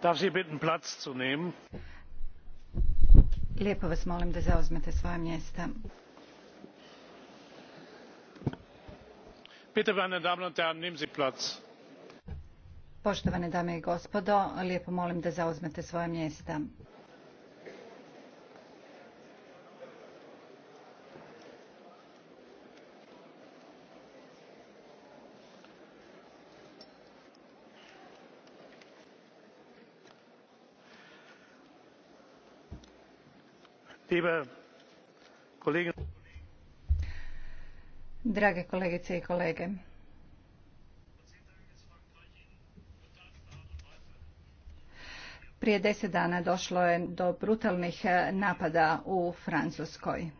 Darf Sie bitten, Platz zu nehmen? Lijepo vas molim da zauzmete svoja mjesta. Bitte, meine Damen und Herren, nehmen Sie Platz. Poštovane dame i gospodo, lijepo molim da zauzmete svoja mjesta. Drage kolegice i kolege, prije deset dana došlo je do brutalnih napada u Francuskoj.